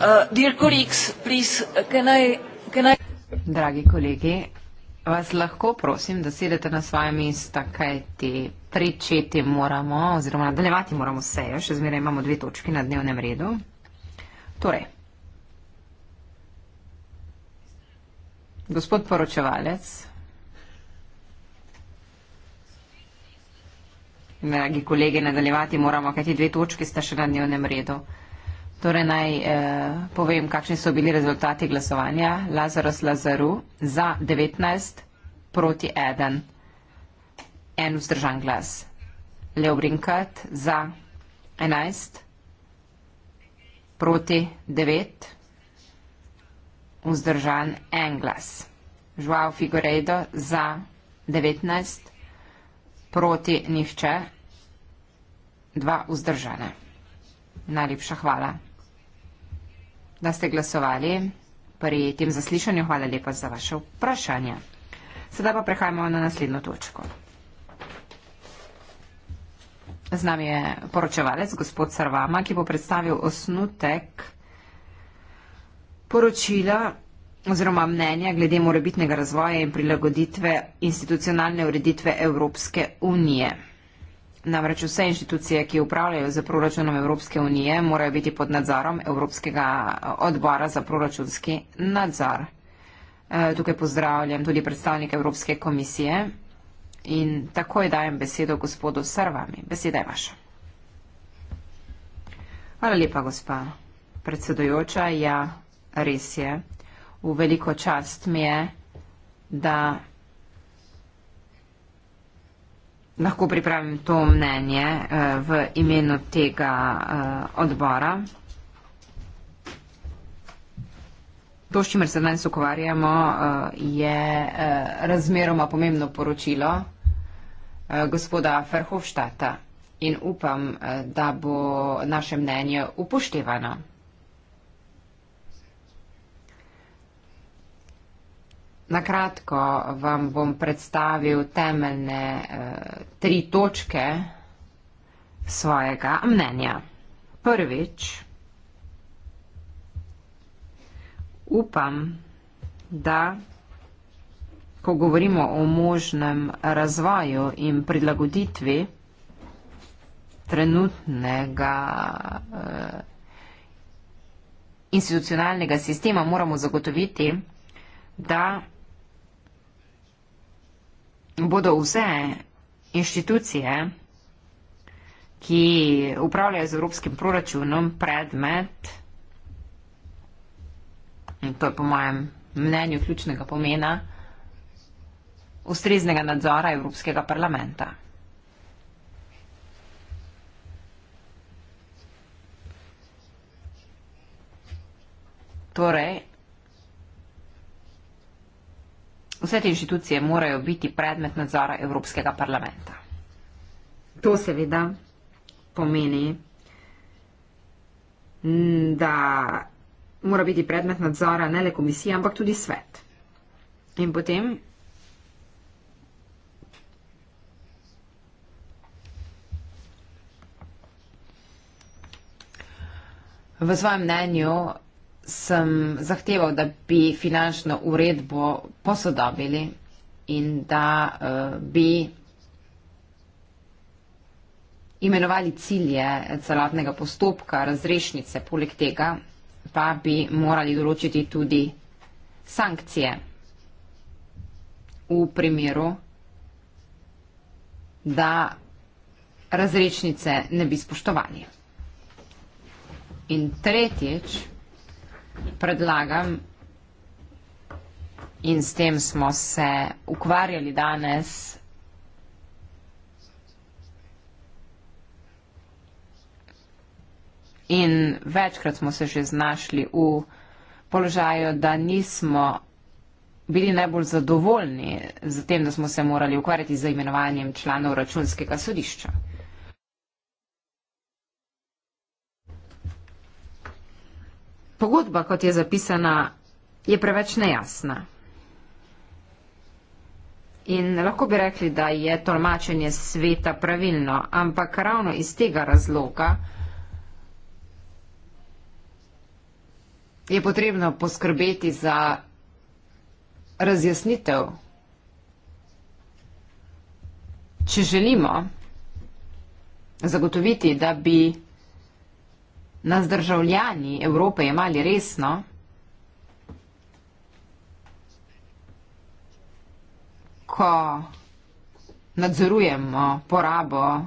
Uh, uh, dragi kolegi, vas lahko prosim, da sedete na svoje mesta, kaj te pričeti moramo, oziroma nadaljevati moramo sejo, še zmeraj imamo dve točki na dnevnem redu. Torej, gospod poročevalec, dragi kolegi, nadaljevati moramo, kaj te dve točki sta še na dnevnem redu. Torej naj eh, povem, kakšni so bili rezultati glasovanja. Lazarus Lazaru za 19 proti 1. En vzdržan glas. Leo Brinkat za 11 proti 9. Vzdržan en glas. Joao Figueiredo za 19 proti nihče. Dva vzdržane. Najlepša hvala da ste glasovali pri tem zaslišanju. Hvala lepa za vaše vprašanje. Sedaj pa prehajamo na naslednjo točko. Z nami je poročevalec gospod Sarvama, ki bo predstavil osnutek poročila oziroma mnenja glede morebitnega razvoja in prilagoditve institucionalne ureditve Evropske unije. Namreč vse inštitucije, ki upravljajo z proračunom Evropske unije, morajo biti pod nadzorom Evropskega eh, odbora za proračunski nadzor. Eh, tukaj pozdravljam tudi predstavnike Evropske komisije in takoj dajem besedo gospodu Sarvami. Beseda je vaša. Hvala lepa, gospa predsedojoča. Ja, res je. V veliko čast mi je, da lahko pripravim to mnenje eh, v imenu tega eh, odbora. To, s čimer se danes ukvarjamo, eh, je razmeroma pomembno poročilo gospoda Ferhofštata in upam, da bo naše mnenje upoštevano. Na kratko vam bom predstavil temeljne eh, tri točke svojega mnenja. Prvič, upam, da ko govorimo o možnem razvoju in prilagoditvi trenutnega eh, institucionalnega sistema, moramo zagotoviti, da bodo vse inštitucije, ki upravljajo z evropskim proračunom, predmet, in to je po mojem mnenju ključnega pomena, ustreznega nadzora Evropskega parlamenta. Torej, vse te inštitucije morajo biti predmet nadzora Evropskega parlamenta. To seveda pomeni, da mora biti predmet nadzora ne le komisija, ampak tudi svet. In potem v svojem mnenju sem zahteval, da bi finančno uredbo posodobili in da uh, bi imenovali cilje celotnega postopka razrešnice. Poleg tega pa bi morali določiti tudi sankcije v primeru, da razrešnice ne bi spoštovali. In tretjič, predlagam, in s tem smo se ukvarjali danes, in večkrat smo se že znašli v položaju, da nismo bili najbolj zadovoljni z tem, da smo se morali ukvarjati z imenovanjem članov računskega sodišča. Pogodba, kot je zapisana, je preveč nejasna. In lahko bi rekli, da je tolmačenje sveta pravilno, ampak ravno iz tega razloga je potrebno poskrbeti za razjasnitev, če želimo zagotoviti, da bi nas državljani Evrope jemali resno? Ko nadzorujemo porabo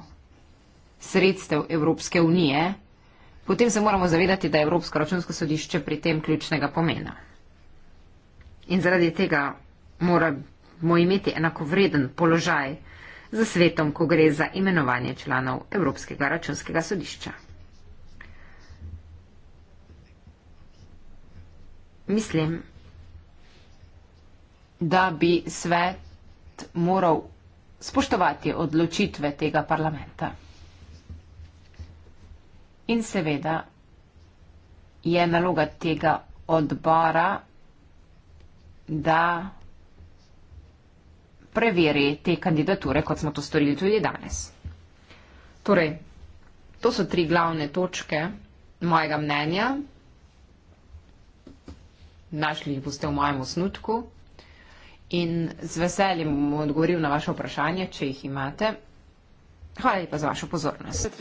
sredstev Evropske unije, potem se moramo zavedati, da je Evropsko računsko sodišče pri tem ključnega pomena. In zaradi tega moramo imeti enakovreden položaj za svetom, ko gre za imenovanje članov Evropskega računskega sodišča. Mislim, da bi svet moral spoštovati odločitve tega parlamenta. In seveda je naloga tega odbora, da preveri te kandidature, kot smo to storili tudi danes. Torej, to so tri glavne točke mojega mnenja našli jih boste v mojem osnutku in z veseljem bom odgovoril na vaše vprašanje, če jih imate. Hvala lepa za vašo pozornost.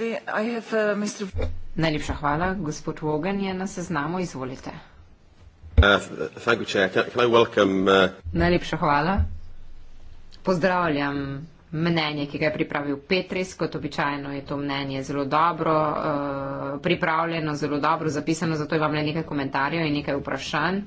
Najlepša hvala. Gospod Vogan je na seznamu. Izvolite. Uh, uh, Najlepša hvala. Pozdravljam mnenje, ki ga je pripravil Petris. Kot običajno je to mnenje zelo dobro uh, pripravljeno, zelo dobro zapisano, zato imam le nekaj komentarjev in nekaj vprašanj.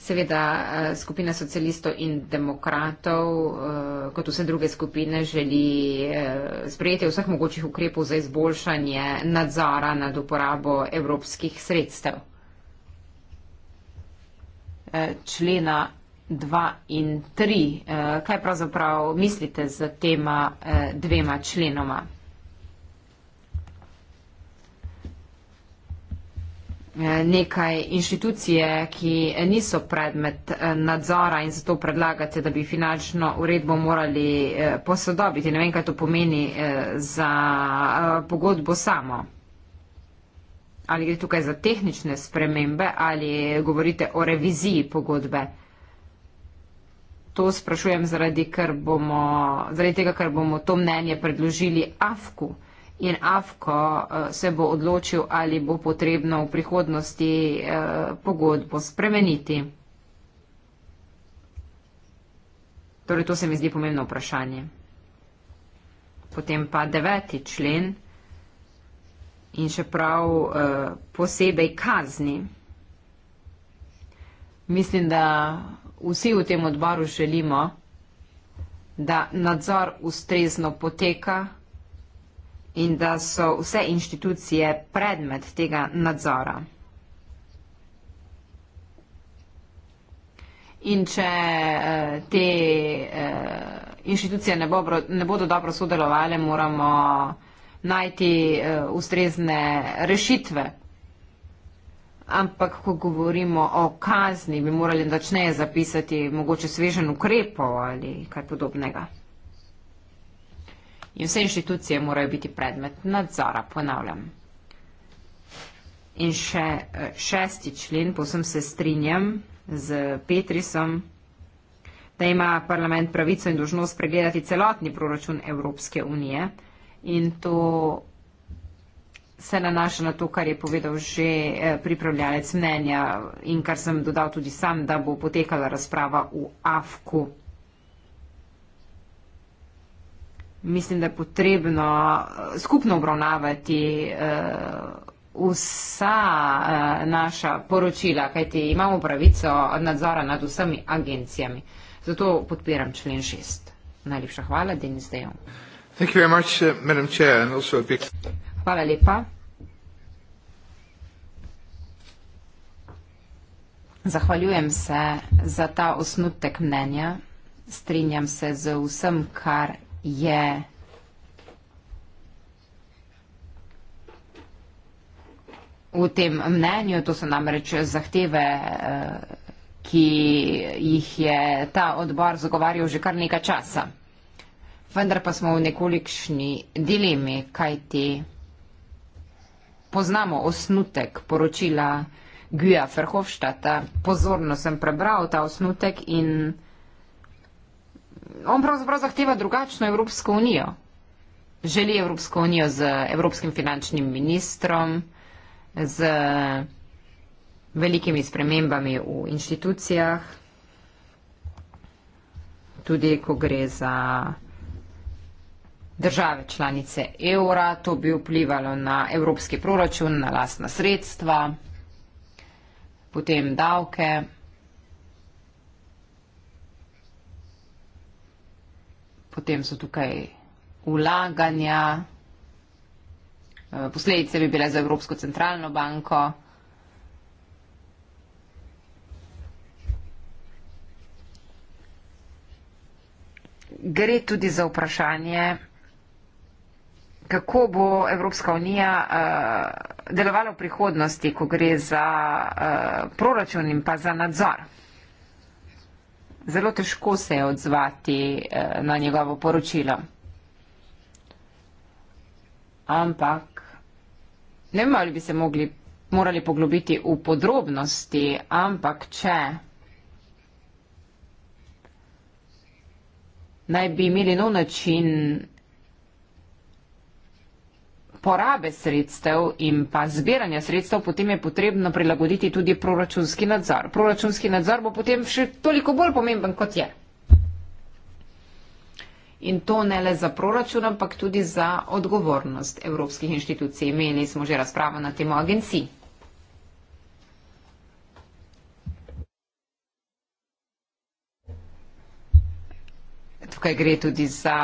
Seveda eh, skupina socialistov in demokratov, eh, kot vse druge skupine, želi eh, sprejeti vseh mogočih ukrepov za izboljšanje nadzora nad uporabo evropskih sredstev. Člena 2 in 3. Kaj pravzaprav mislite z tema dvema členoma? Eh, nekaj inštitucije, ki niso predmet eh, nadzora in zato predlagate, da bi finančno uredbo morali eh, posodobiti. Ne vem, kaj to pomeni za pogodbo samo. Ali gre tukaj za tehnične spremembe ali govorite o reviziji pogodbe? To sprašujem zaradi, ker bomo, zaradi tega, ker bomo to mnenje predložili AFKU in AFKO eh, se bo odločil, ali bo potrebno v prihodnosti eh, pogodbo spremeniti. Torej, to se mi zdi pomembno vprašanje. Potem pa deveti člen in še prav eh, posebej kazni. Mislim, da vsi v tem odboru želimo, da nadzor ustrezno poteka, in da so vse inštitucije predmet tega nadzora. In če eh, te eh, inštitucije ne, bo, ne bodo dobro sodelovali, moramo najti eh, ustrezne rešitve. Ampak, ko govorimo o kazni, bi morali načneje zapisati mogoče svežen ukrepov ali kaj podobnega. In vse inštitucije morajo biti predmet nadzora, ponavljam. In še eh, šesti člen, povsem se strinjam z Petrisom, da ima parlament pravico in dožnost pregledati celotni proračun Evropske unije. In to se nanaša na to, kar je povedal že eh, pripravljalec mnenja in kar sem dodal tudi sam, da bo potekala razprava v AFK-u. mislim, da je potrebno eh, skupno obravnavati uh, vsa uh, naša poročila, kajti imamo pravico nadzora nad vsemi agencijami. Zato podpiram člen 6. Najlepša hvala, Denis Dejon. Much, chair, big... Hvala lepa. Zahvaljujem se za ta osnutek mnenja. Strinjam se z vsem, kar je. V tem mnenju, to so namreč zahteve, eh, ki jih je ta odbor zagovarjal že kar nekaj časa. Vendar pa smo v nekolikšni dilemi, kaj ti poznamo osnutek poročila Guja Ferhofštata. Pozorno sem prebral ta osnutek in on pravzaprav zahteva drugačno Evropsko unijo. Želi Evropsko unijo z Evropskim finančnim ministrom, z velikimi spremembami v inštitucijah, tudi ko gre za države članice evra, to bi vplivalo na evropski proračun, na lastna sredstva, potem davke. potem so tukaj ulaganja, eh, posledice bi bile za Evropsko centralno banko. Gre tudi za vprašanje, kako bo Evropska unija uh, delovala v prihodnosti, ko gre za uh, proračun in pa za nadzor zelo težko se je odzvati eh, na njegovo poročilo. Ampak ne vem, ali bi se mogli, morali poglobiti v podrobnosti, ampak če naj bi imeli nov način porabe sredstev in pa zbiranja sredstev, potem je potrebno prilagoditi tudi proračunski nadzor. Proračunski nadzor bo potem še toliko bolj pomemben, kot je. In to ne le za proračun, ampak tudi za odgovornost evropskih inštitucij. Imeli smo že razpravo na temo agencij. tukaj gre tudi za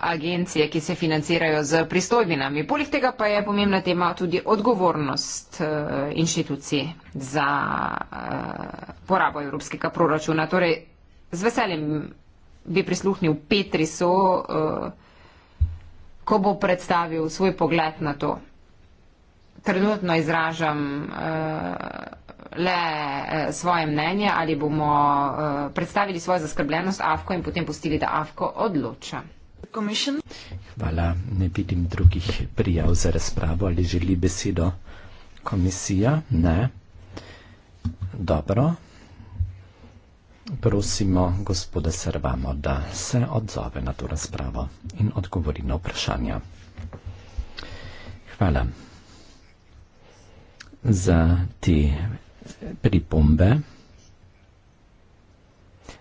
agencije, ki se financirajo z pristojbinami. Poleg tega pa je pomembna tema tudi odgovornost eh, inštitucij za eh, porabo evropskega proračuna. Torej, z veseljem bi prisluhnil Petri So, eh, ko bo predstavil svoj pogled na to. Trenutno izražam le eh, svoje mnenje ali bomo eh, predstavili svojo zaskrbljenost AFKO in potem pustili, da AFKO odloča. Commission. Hvala, ne vidim drugih prijav za razpravo ali želi besedo komisija. Ne. Dobro. Prosimo gospoda Servamo, da se odzove na to razpravo in odgovori na vprašanja. Hvala za te pripombe.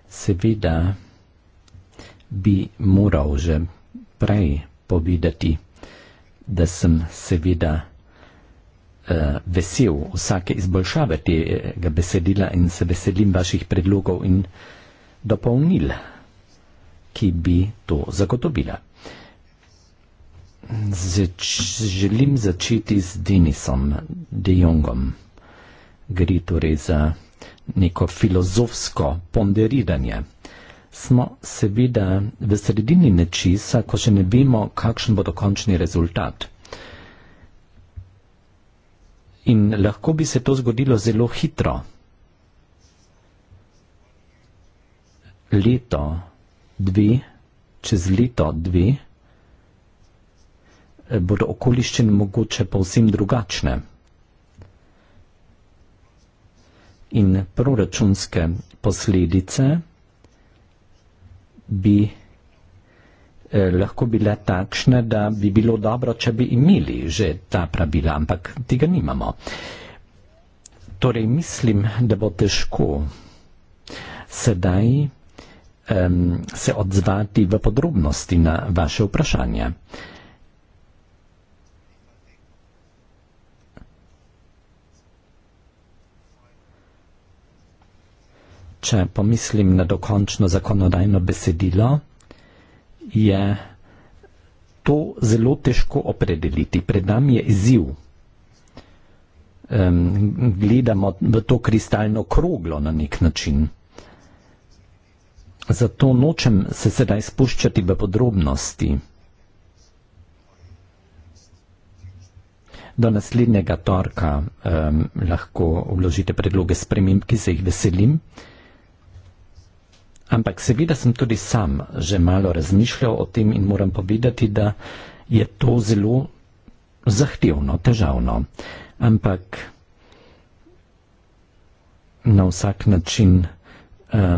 Seveda bi moral že prej povedati, da sem seveda uh, vesel vsake izboljšave tega besedila in se veselim vaših predlogov in dopolnil, ki bi to zagotovila. Zač želim začeti s Denisom Dejongom gre torej za neko filozofsko ponderiranje. Smo seveda v sredini nečisa, ko še ne vemo, kakšen bo dokončni rezultat. In lahko bi se to zgodilo zelo hitro. Leto, dve, čez leto, dve, eh, bodo okoliščine mogoče povsem drugačne. in proračunske posledice bi eh, lahko bile takšne, da bi bilo dobro, če bi imeli že ta pravila, ampak tega nimamo. Torej, mislim, da bo težko sedaj um, se odzvati v podrobnosti na vaše vprašanje. če pomislim na dokončno zakonodajno besedilo, je to zelo težko opredeliti. Pred nami je izziv. Um, gledamo v to kristalno kroglo na nek način. Zato nočem se sedaj spuščati v podrobnosti. Do naslednjega torka um, lahko vložite predloge sprememb, ki se jih veselim. Ampak seveda sem tudi sam že malo razmišljal o tem in moram povedati, da je to zelo zahtevno, težavno. Ampak na vsak način eh,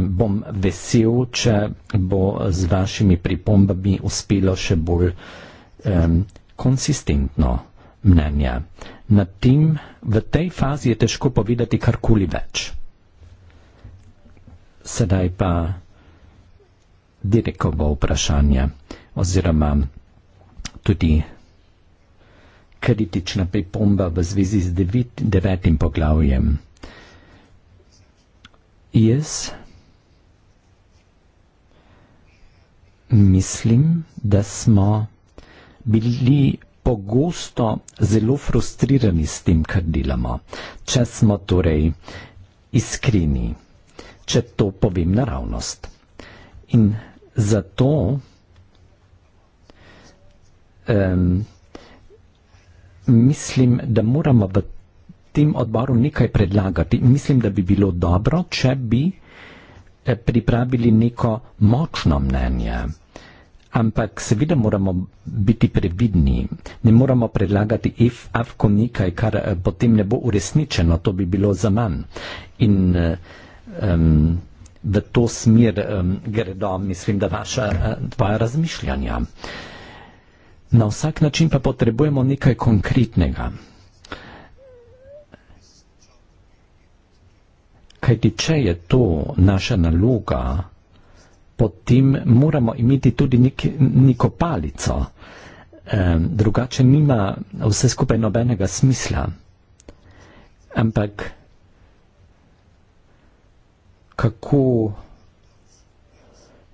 bom vesel, če bo z vašimi pripombami uspelo še bolj eh, konsistentno mnenje. Na tem, v tej fazi je težko povedati karkoli več. Sedaj pa direkovo vprašanje oziroma tudi kritična pripomba v zvezi z devet, devetim poglavjem. Jaz mislim, da smo bili pogosto zelo frustrirani s tem, kar delamo. Če smo torej iskreni, če to povem naravnost. In zato um, mislim, da moramo v tem odboru nekaj predlagati. Mislim, da bi bilo dobro, če bi eh, pripravili neko močno mnenje. Ampak seveda moramo biti previdni, ne moramo predlagati if, avko nekaj, kar eh, potem ne bo uresničeno, to bi bilo za manj. In um, v to smer um, gredo, mislim, da vaša eh, tvoja razmišljanja. Na vsak način pa potrebujemo nekaj konkretnega. Kaj ti, če je to naša naloga, potem moramo imeti tudi nek, neko palico, um, drugače nima vse skupaj nobenega smisla. Ampak kako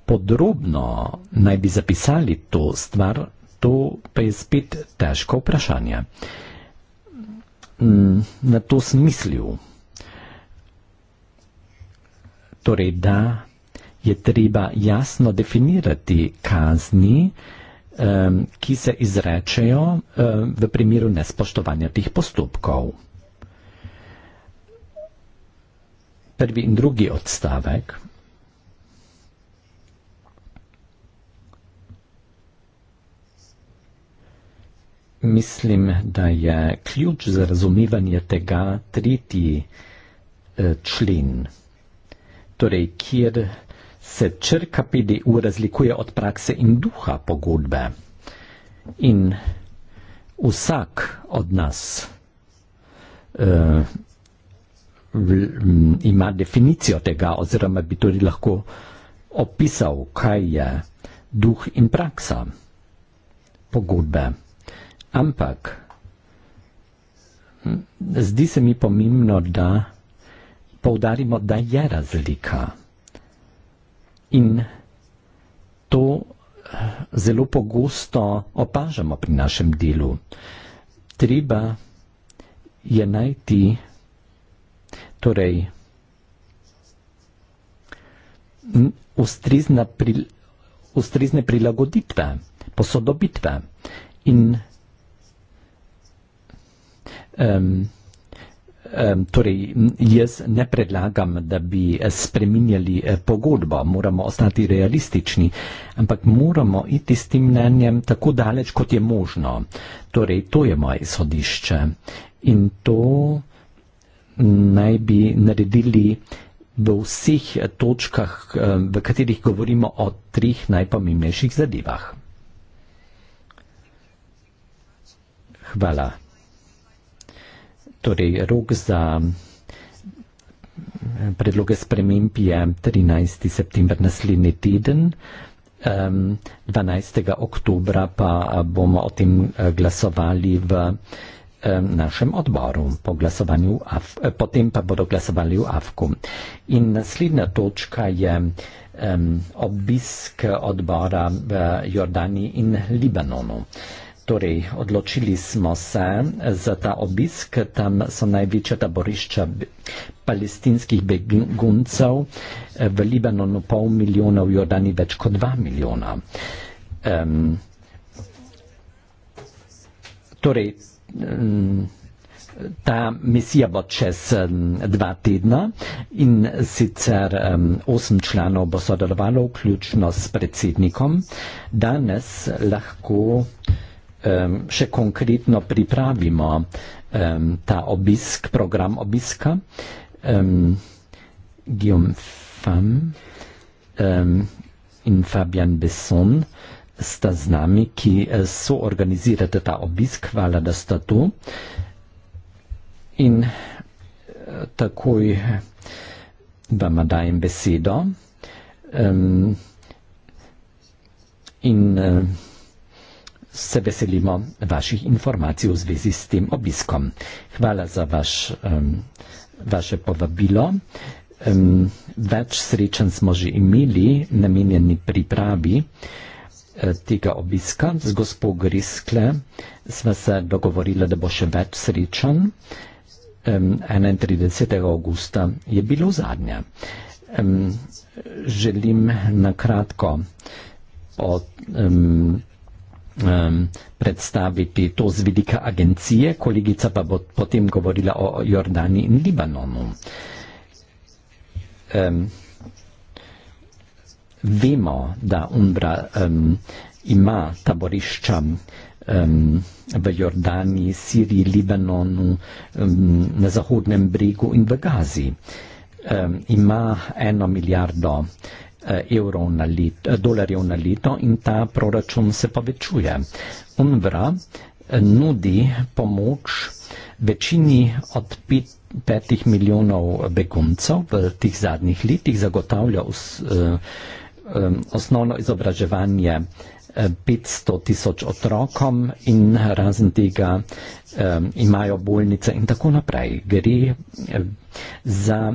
podrobno naj bi zapisali to stvar, to pa je spet težko vprašanje. Mm, na to sem mislil. Torej, da je treba jasno definirati kazni, ki se izrečejo v primeru nespoštovanja tih postopkov. prvi in drugi odstavek. Mislim, da je ključ za razumevanje tega tretji eh, člen, torej kjer se črka PDU razlikuje od prakse in duha pogodbe. In vsak od nas eh, ima definicijo tega, oziroma bi tudi lahko opisal, kaj je duh in praksa pogodbe. Ampak zdi se mi pomembno, da poudarimo, da je razlika. In to eh, zelo pogosto opažamo pri našem delu. Treba je najti torej ustrizna pri, ustrizne prilagoditve, posodobitve in um, um, torej jaz ne predlagam, da bi spreminjali eh, pogodbo, moramo ostati realistični, ampak moramo iti s tim mnenjem tako daleč, kot je možno. Torej, to je moje sodišče in to naj bi naredili v vseh točkah, eh, v katerih govorimo o trih najpomembnejših zadevah. Hvala. Torej, rok za eh, predloge sprememb je 13. september naslednji teden, 12. oktobra pa eh, bomo o tem glasovali v našem odboru po, glasovanju, po tem pa bodo glasovali v Avku. In naslednja točka je um, obisk odbora v Jordani in Libanonu. Torej, odločili smo se za ta obisk, tam so največja taborišča palestinskih beguncev, v Libanonu pol milijona, v Jordani več kot dva milijona. Um, torej, ta misija bo čez um, dva tedna in sicer um, osem članov bo sodelovalo, vključno s predsednikom. Danes lahko um, še konkretno pripravimo ta obisk, program obiska. Guillaume Femme in Fabian Besson sta z nami, ki eh, so organizirate ta obisk. Hvala, da sta tu. In eh, takoj vam dajem besedo. Um, in uh, se veselimo vaših informacij v zvezi s tem obiskom. Hvala za vaš, um, vaše povabilo. Um, več srečanj smo že imeli, namenjeni pripravi. Uh, Eh, tega obiska z gospo Griskle sva se dogovorila, da bo še več srečen. 31. augusta je bilo zadnje. Želim nakratko predstaviti to z vidika agencije, kolegica pa bo potem govorila o Jordani in Libanonu vemo, da Umbra um, ima taborišča um, v Jordani, Siriji, Libanonu, um, na Zahodnem bregu in v Gazi. Um, ima eno milijardo e, evrov na leto, e, dolarjev na leto in ta proračun se povečuje. UNVRA e, nudi pomoč večini od pet, petih milijonov beguncev v tih zadnjih letih, zagotavlja vse. Uh, um, osnovno izobraževanje eh, pet sto tisoč otrokom in razen tega um, imajo bolnice in tako naprej. Gre um, za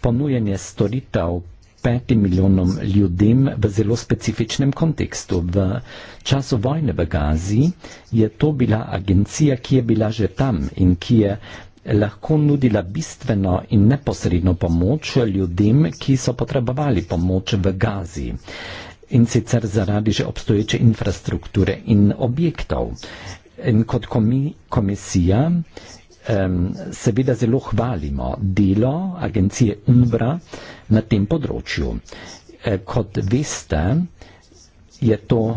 ponujanje storitev peti milijonom ljudem v zelo specifičnem kontekstu. V času vojne v Gazi je to bila agencija, ki je bila že tam in ki je lahko nudila bistveno in neposredno pomoč ljudem, ki so potrebovali pomoč v Gazi in sicer zaradi že obstoječe infrastrukture in objektov. In kot komisija um, seveda zelo hvalimo delo agencije UNBRA na tem področju. E, kot veste, je to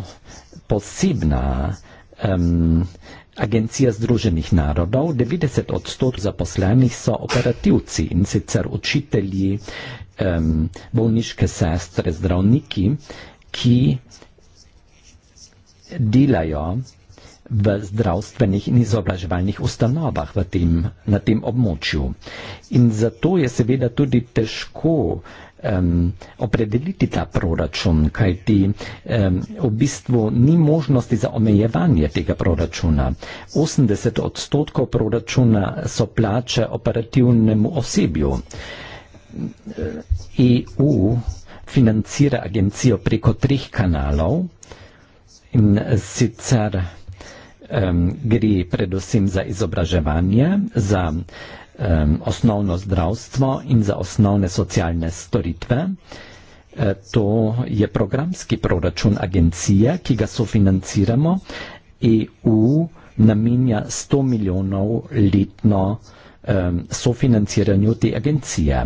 posebna um, Agencija Združenih narodov, 90 odstotkov zaposlenih so operativci in sicer učitelji, um, bolniške sestre, zdravniki, ki delajo v zdravstvenih in izobraževalnih ustanovah tem, na tem območju. In zato je seveda tudi težko uh, um, opredeliti ta proračun, kaj ti um, v bistvu ni možnosti za omejevanje tega proračuna. 80 odstotkov proračuna so plače operativnemu osebju. EU financira agencijo preko treh kanalov in sicer um, gre predvsem za izobraževanje, za osnovno zdravstvo in za osnovne socialne storitve. E, to je programski proračun agencije, ki ga sofinanciramo. EU namenja 100 milijonov letno sofinanciranju te agencije.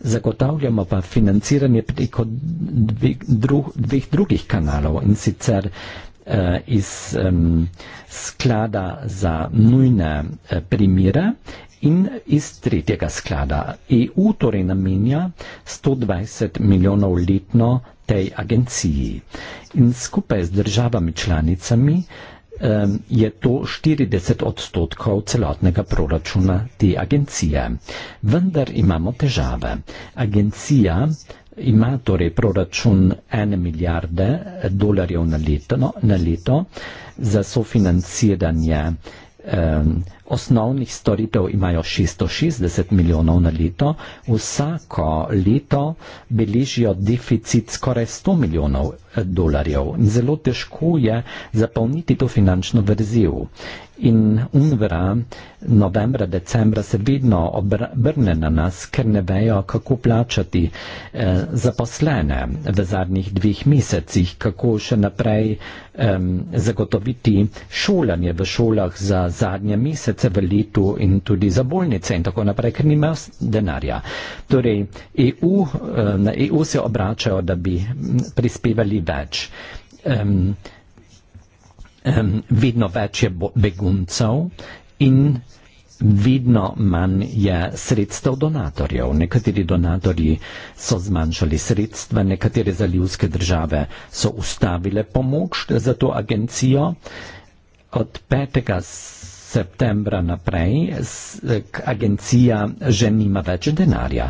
Zagotavljamo pa financiranje preko dveh, druh, dveh drugih kanalov in sicer e, iz um, sklada za nujne e, primere in iz tretjega sklada. EU torej namenja 120 milijonov letno tej agenciji. In skupaj z državami članicami je to 40 odstotkov celotnega proračuna te agencije. Vendar imamo težave. Agencija ima torej proračun 1 milijarde dolarjev na leto, na leto za sofinanciranje um, osnovnih storitev imajo 660 milijonov na leto, vsako leto beležijo deficit skoraj 100 milijonov eh, dolarjev. Zelo težko je zapolniti to finančno verzel. In UNVRA novembra, decembra se vedno obrne na nas, ker ne vejo, kako plačati eh, zaposlene v zadnjih dveh mesecih, kako še naprej eh, zagotoviti šolanje v šolah za zadnje mesece mesece v letu in tudi za bolnice in tako naprej, ker nimajo denarja. Torej, EU, eh, na EU se obračajo, da bi prispevali več. Um, um, vedno več je beguncev in vidno manj je sredstev donatorjev. Nekateri donatorji so zmanjšali sredstva, nekatere zalivske države so ustavile pomoč za to agencijo. Od 5 septembra naprej agencija že nima več denarja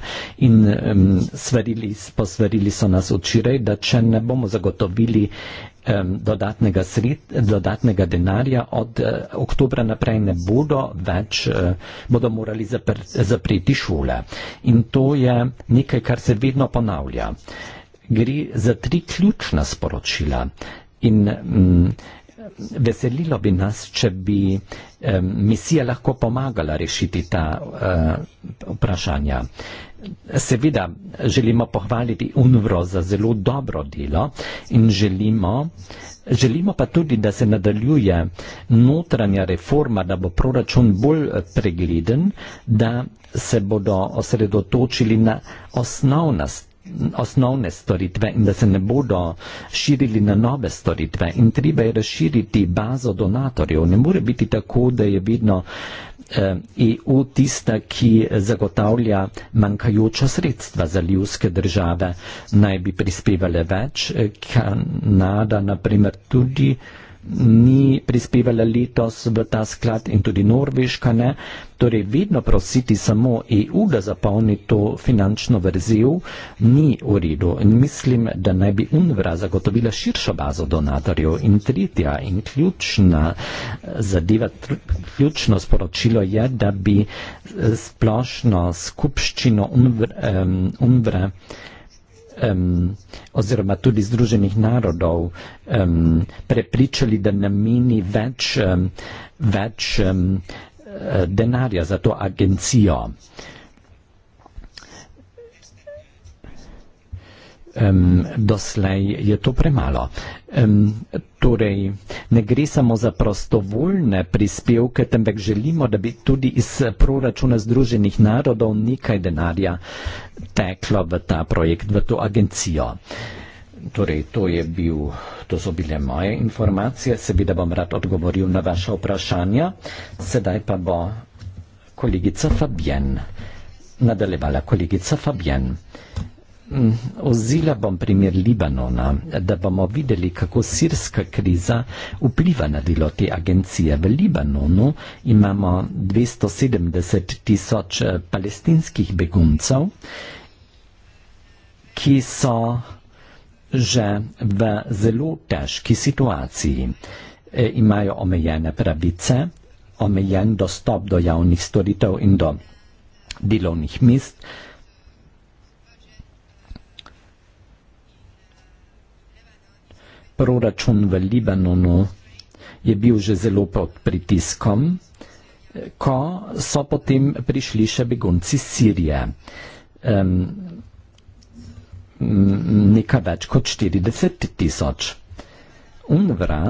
in um, svarili, posvarili so nas včeraj, da če ne bomo zagotovili um, dodatnega, sred, dodatnega denarja, od uh, oktobra naprej ne bodo več, uh, bodo morali zapr zapreti šole. In to je nekaj, kar se vedno ponavlja. Gre za tri ključna sporočila. In, um, veselilo bi nas, če bi um, misija lahko pomagala rešiti ta uh, vprašanja. Seveda želimo pohvaliti UNVRO za zelo dobro delo in želimo, želimo pa tudi, da se nadaljuje notranja reforma, da bo proračun bolj eh, pregleden, da se bodo osredotočili na osnovnost osnovne storitve in da se ne bodo širili na nove storitve. In treba je razširiti bazo donatorjev. Ne more biti tako, da je vedno EU eh, e tista, ki zagotavlja manjkajoča sredstva za ljudske države. Naj bi prispevale več. Eh, Kanada, naprimer, tudi ni prispevala letos v ta sklad in tudi Norveška ne. Torej, vedno prositi samo EU, da zapolni to finančno vrzel, ni v redu. In mislim, da naj bi UNVRA zagotovila širšo bazo donatorjev. In tretja in ključna eh, zadeva, tr ključno sporočilo je, da bi eh, splošno skupščino UNVRA. Um, um, oziroma tudi Združenih narodov um, prepričali, da nameni več, um, več um, denarja za to agencijo. um, doslej je to premalo. Um, torej, ne gre samo za prostovoljne prispevke, temveč želimo, da bi tudi iz proračuna Združenih narodov nekaj denarja teklo v ta projekt, v to agencijo. Torej, to, bil, to so bile moje informacije, seveda bom rad odgovoril na vaše vprašanja. Sedaj pa bo kolegica Fabien. Nadaljevala kolegica Fabien. Mm, Ozila bom primer Libanona, da bomo videli, kako sirska kriza vpliva na delo te agencije. V Libanonu imamo 270 tisoč eh, palestinskih beguncev, ki so že v zelo težki situaciji. E, imajo omejene pravice, omejen dostop do javnih storitev in do delovnih mest. proračun v Libanonu je bil že zelo pod pritiskom, ko so potem prišli še begunci iz Sirije. Um, nekaj več kot 40 tisoč. UNVRA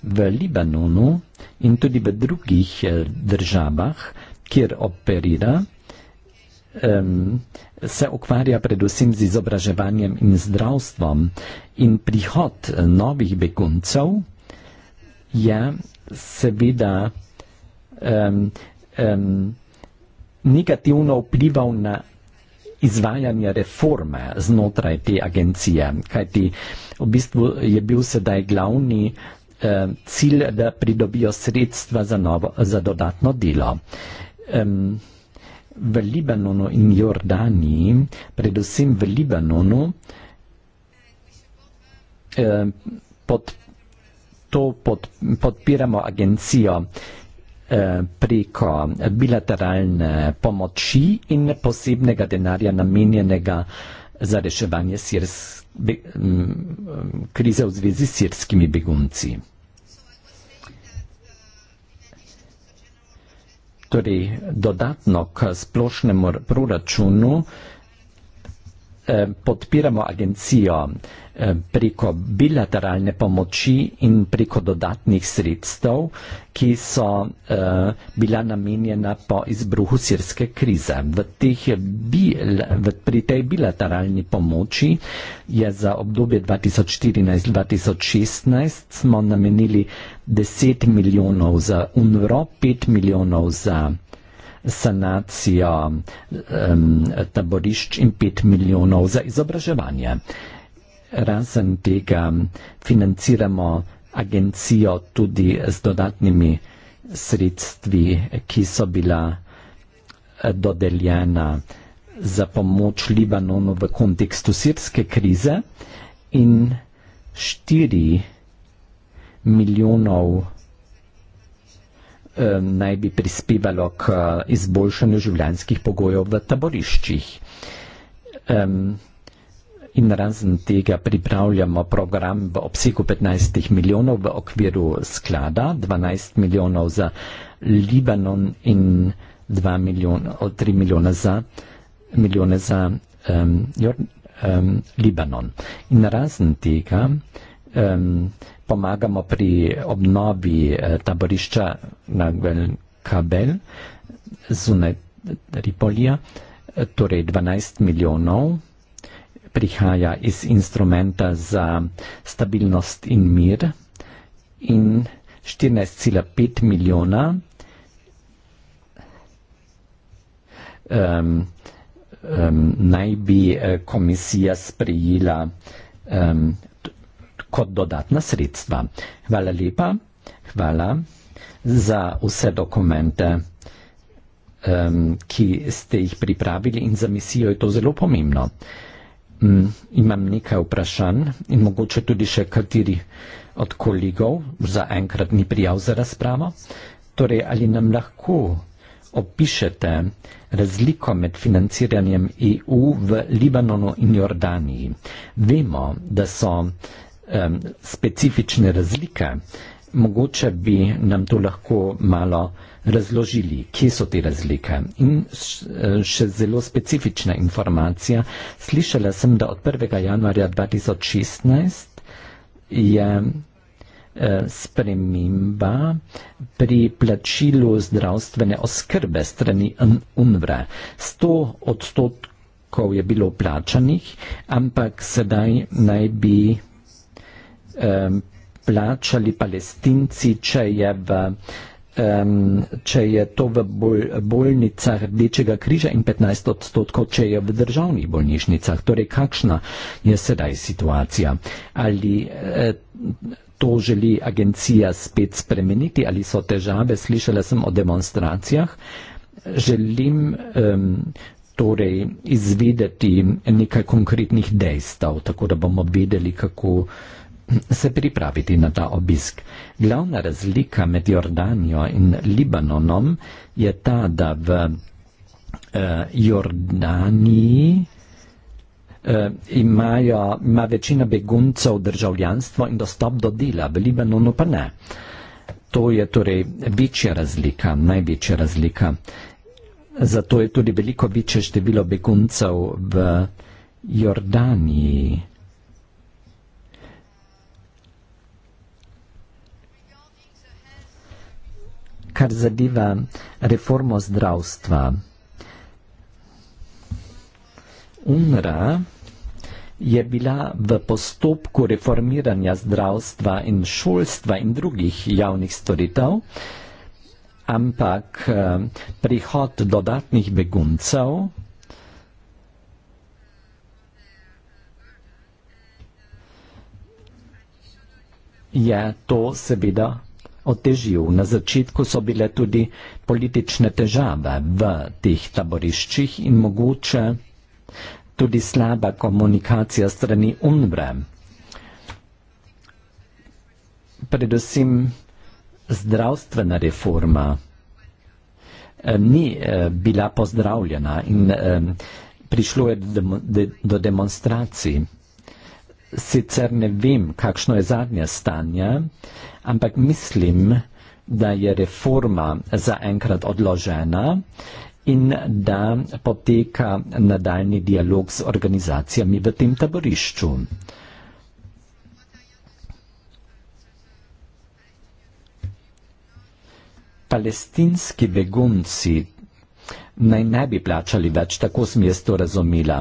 v Libanonu in tudi v drugih eh, državah, kjer operira, um, se ukvarja predvsem z izobraževanjem in zdravstvom. In prihod eh, novih beguncev je seveda um, um, negativno vplival na izvajanje reforme znotraj te agencije, kajti v bistvu je bil sedaj glavni eh, cilj, da pridobijo sredstva za, novo, za dodatno delo. Eh, v Libanonu in Jordaniji, predvsem v Libanonu, eh, pod, to pod, podpiramo agencijo eh, preko bilateralne pomoči in posebnega denarja namenjenega za reševanje sirs, be, m, krize v zvezi s sirskimi begunci. torej dodatno k splošnemu proračunu, Eh, podpiramo agencijo eh, preko bilateralne pomoči in preko dodatnih sredstev, ki so eh, bila namenjena po izbruhu sirske krize. V, teh, v pri tej bilateralni pomoči je za obdobje 2014-2016 smo namenili 10 milijonov za UNRO, 5 milijonov za sanacijo um, taborišč in 5 milijonov za izobraževanje. Razen tega financiramo agencijo tudi z dodatnimi sredstvi, ki so bila eh, dodeljena za pomoč Libanonu v kontekstu sirske krize in 4 milijonov Eh, naj bi prispevalo k eh, izboljšanju življanskih pogojev v taboriščih. Um, in razen tega pripravljamo program v obsegu 15 milijonov v okviru sklada, 12 milijonov za Libanon in 2 milijona, 3 milijona za, milijone za um, um, Libanon. In razen tega um, pomagamo pri obnovi eh, taborišča na Gvelkabel zunaj Tripolija, torej 12 milijonov prihaja iz instrumenta za stabilnost in mir in 14,5 milijona um, um, naj bi eh, komisija sprejela um, kot dodatna sredstva. Hvala lepa, hvala za vse dokumente, um, ki ste jih pripravili in za misijo je to zelo pomembno. Um, imam nekaj vprašanj in mogoče tudi še kateri od kolegov zaenkrat ni prijav za razpravo. Torej, ali nam lahko opišete razliko med financiranjem EU v Libanonu in Jordaniji? Vemo, da so um, specifične razlike. Mogoče bi nam to lahko malo razložili, kje so te razlike. In eh, še zelo specifična informacija. Slišala sem, da od 1. januarja 2016 je eh, sprememba pri plačilu zdravstvene oskrbe strani UNVRE. 100 odstotkov je bilo plačanih, ampak sedaj naj bi plačali palestinci, če je, v, um, če je to v bol, bolnicah Rdečega križa in 15 odstotkov, če je v državnih bolnišnicah. Torej, kakšna je sedaj situacija? Ali eh, to želi agencija spet spremeniti ali so težave? Slišala sem o demonstracijah. Želim. Um, torej izvedeti nekaj konkretnih dejstev, tako da bomo vedeli, kako se pripraviti na ta obisk. Glavna razlika med Jordanijo in Libanonom je ta, da v eh, Jordaniji eh, imajo, ima večina beguncev državljanstvo in dostop do dela, v Libanonu pa ne. To je torej večja razlika, največja razlika. Zato je tudi veliko večje število beguncev v Jordaniji. kar zadeva reformo zdravstva. UNRA je bila v postopku reformiranja zdravstva in šolstva in drugih javnih storitev, ampak eh, prihod dodatnih beguncev je to seveda otežil. Na začetku so bile tudi politične težave v teh taboriščih in mogoče tudi slaba komunikacija strani UNBRE. Predvsem zdravstvena reforma eh, ni eh, bila pozdravljena in eh, prišlo je do demonstracij sicer ne vem, kakšno je zadnje stanje, ampak mislim, da je reforma zaenkrat odložena in da poteka nadaljni dialog z organizacijami v tem taborišču. Palestinski begunci naj ne bi plačali več, tako sem jaz to razumela.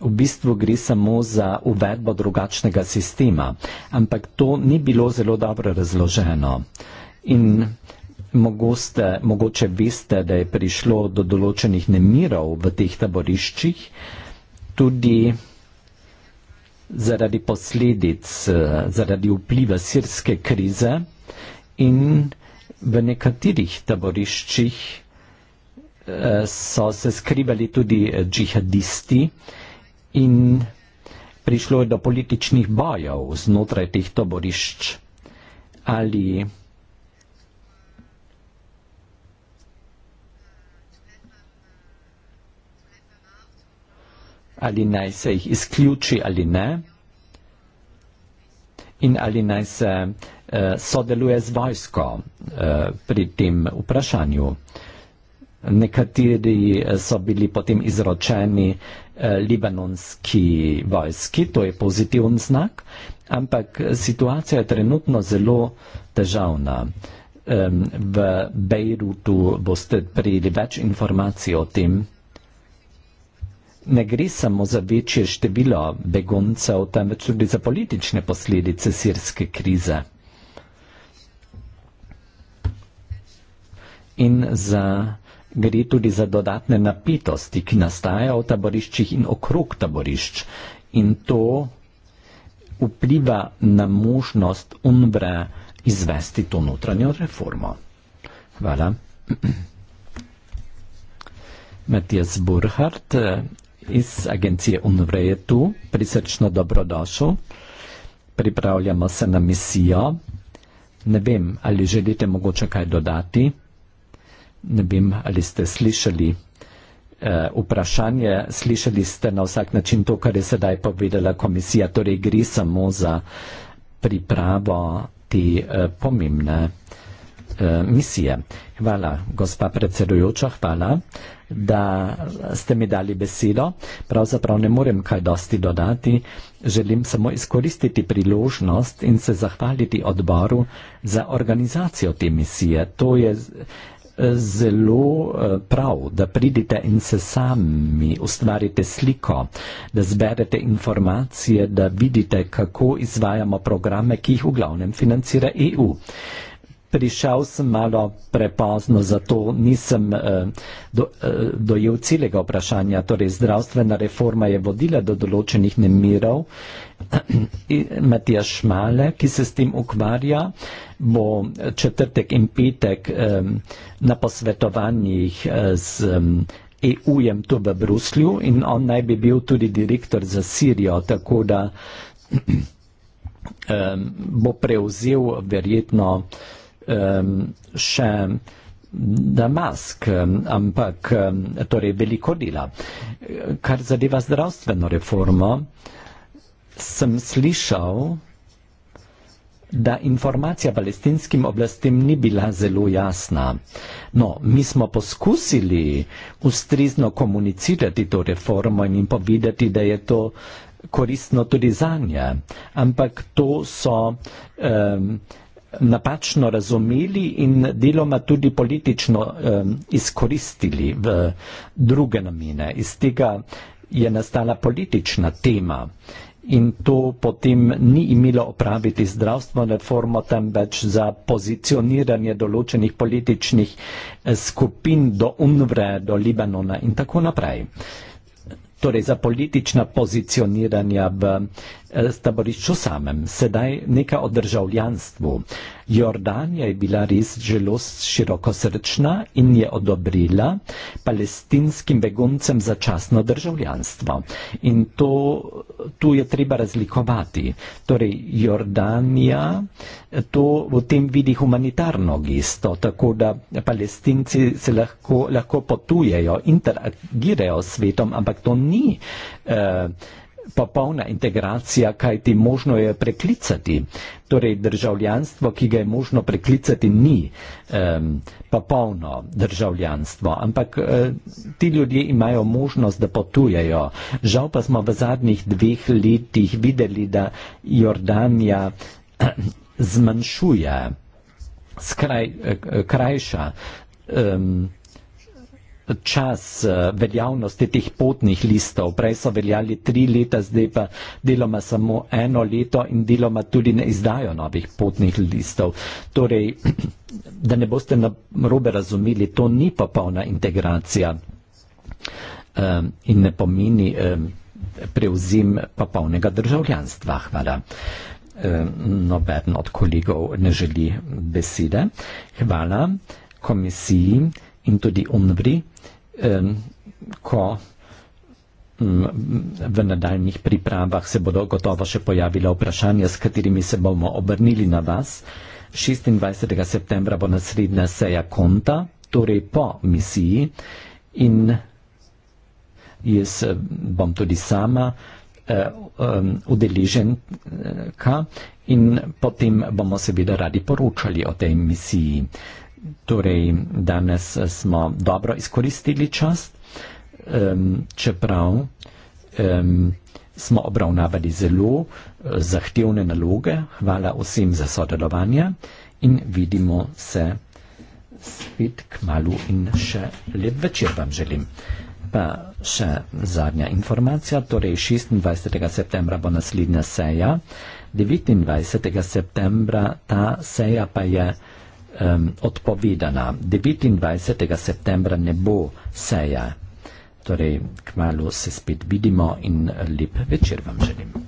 V bistvu gre samo za uvedbo drugačnega sistema, ampak to ni bilo zelo dobro razloženo. In mogoste, mogoče veste, da je prišlo do določenih nemirov v teh taboriščih, tudi zaradi posledic, zaradi vpliva sirske krize in v nekaterih taboriščih so se skrivali tudi eh, džihadisti in prišlo je do političnih bojev znotraj teh taborišč. Ali ali naj se jih izključi ali ne in ali naj se uh, sodeluje z vojsko uh, pri tem vprašanju. Uh, nekateri so bili potem izročeni eh, libanonski vojski, to je pozitiven znak, ampak situacija je trenutno zelo težavna. V Bejrutu boste prijeli več informacij o tem. Ne gre samo za večje število beguncev, temveč tudi za politične posledice sirske krize. In za gre tudi za dodatne napetosti, ki nastajajo v taboriščih in okrog taborišč. In to vpliva na možnost UNVRE izvesti to notranjo reformo. Hvala. Matijas Burhardt eh, iz agencije UNVRE je tu. Prisrčno dobrodošel. Pripravljamo se na misijo. Ne vem, ali želite mogoče kaj dodati ne vem, ali ste slišali e, vprašanje, slišali ste na vsak način to, kar je sedaj povedala komisija, torej gre samo za pripravo te e, pomembne e, misije. Hvala, gospa predsedujoča, hvala, da ste mi dali besedo. Pravzaprav ne morem kaj dosti dodati, želim samo izkoristiti priložnost in se zahvaliti odboru za organizacijo te misije. To je zelo eh, prav, da pridete in se sami ustvarite sliko, da zberete informacije, da vidite, kako izvajamo programe, ki jih v glavnem financira EU prišel sem malo prepozno, zato nisem eh, do, eh, dojel celega vprašanja. Torej, zdravstvena reforma je vodila do določenih nemirov. Matija Šmale, ki se s tem ukvarja, bo četrtek in petek na posvetovanjih eh, z. EU-jem e tu v Bruslju in on naj bi bil tudi direktor za Sirijo, tako da um, bo prevzel verjetno uh, um, še Damask, ehm, ampak ehm, torej veliko dela. Kar zadeva zdravstveno reformo, sem slišal, da informacija palestinskim oblastem ni bila zelo jasna. No, mi smo poskusili ustrizno komunicirati to reformo in jim povedati, da je to koristno tudi za nje, ampak to so. Um, napačno razumeli in deloma tudi politično um, izkoristili v druge namene. Iz tega je nastala politična tema in to potem ni imelo opraviti zdravstveno reformo, temveč za pozicioniranje določenih političnih eh, skupin do Unvre, do Libanona in tako naprej. Torej za politična pozicioniranja v Eh, taborišču samem, sedaj neka o državljanstvu. Jordanija je bila res zelo širokosrčna in je odobrila palestinskim beguncem začasno državljanstvo. In to, tu je treba razlikovati. Torej, Jordanija eh, to v tem vidi humanitarno gesto, tako da palestinci se lahko, lahko potujejo, interagirajo s svetom, ampak to ni. Eh, popolna integracija, kaj ti možno je preklicati. Torej državljanstvo, ki ga je možno preklicati, ni um, popolno državljanstvo, ampak uh, ti ljudje imajo možnost, da potujejo. Žal pa smo v zadnjih dveh letih videli, da Jordanija uh, zmanjšuje, skraj, uh, krajša. Um, čas eh, veljavnosti teh potnih listov. Prej so veljali tri leta, zdaj pa deloma samo eno leto in deloma tudi ne izdajo novih potnih listov. Torej, da ne boste na robe razumeli, to ni popolna integracija um, in ne pomeni um, ehm, prevzim popolnega državljanstva. Hvala. Ehm, noben od kolegov ne želi besede. Hvala komisiji in tudi umri, ko v nadaljnih pripravah se bodo gotovo še pojavila vprašanja, s katerimi se bomo obrnili na vas. 26. septembra bo naslednja seja konta, torej po misiji in jaz eh, bom tudi sama eh, udeleženka in potem bomo seveda radi poročali o tej misiji. Torej, danes smo dobro izkoristili čas, um, čeprav um, smo obravnavali zelo uh, zahtevne naloge. Hvala vsem za sodelovanje in vidimo se spet k malu in še lep večer vam želim. Pa še zadnja informacija, torej 26. septembra bo naslednja seja, 29. septembra ta seja pa je um, odpovedana. 29. septembra ne bo seja. Torej, kmalo se spet vidimo in lep večer vam želim.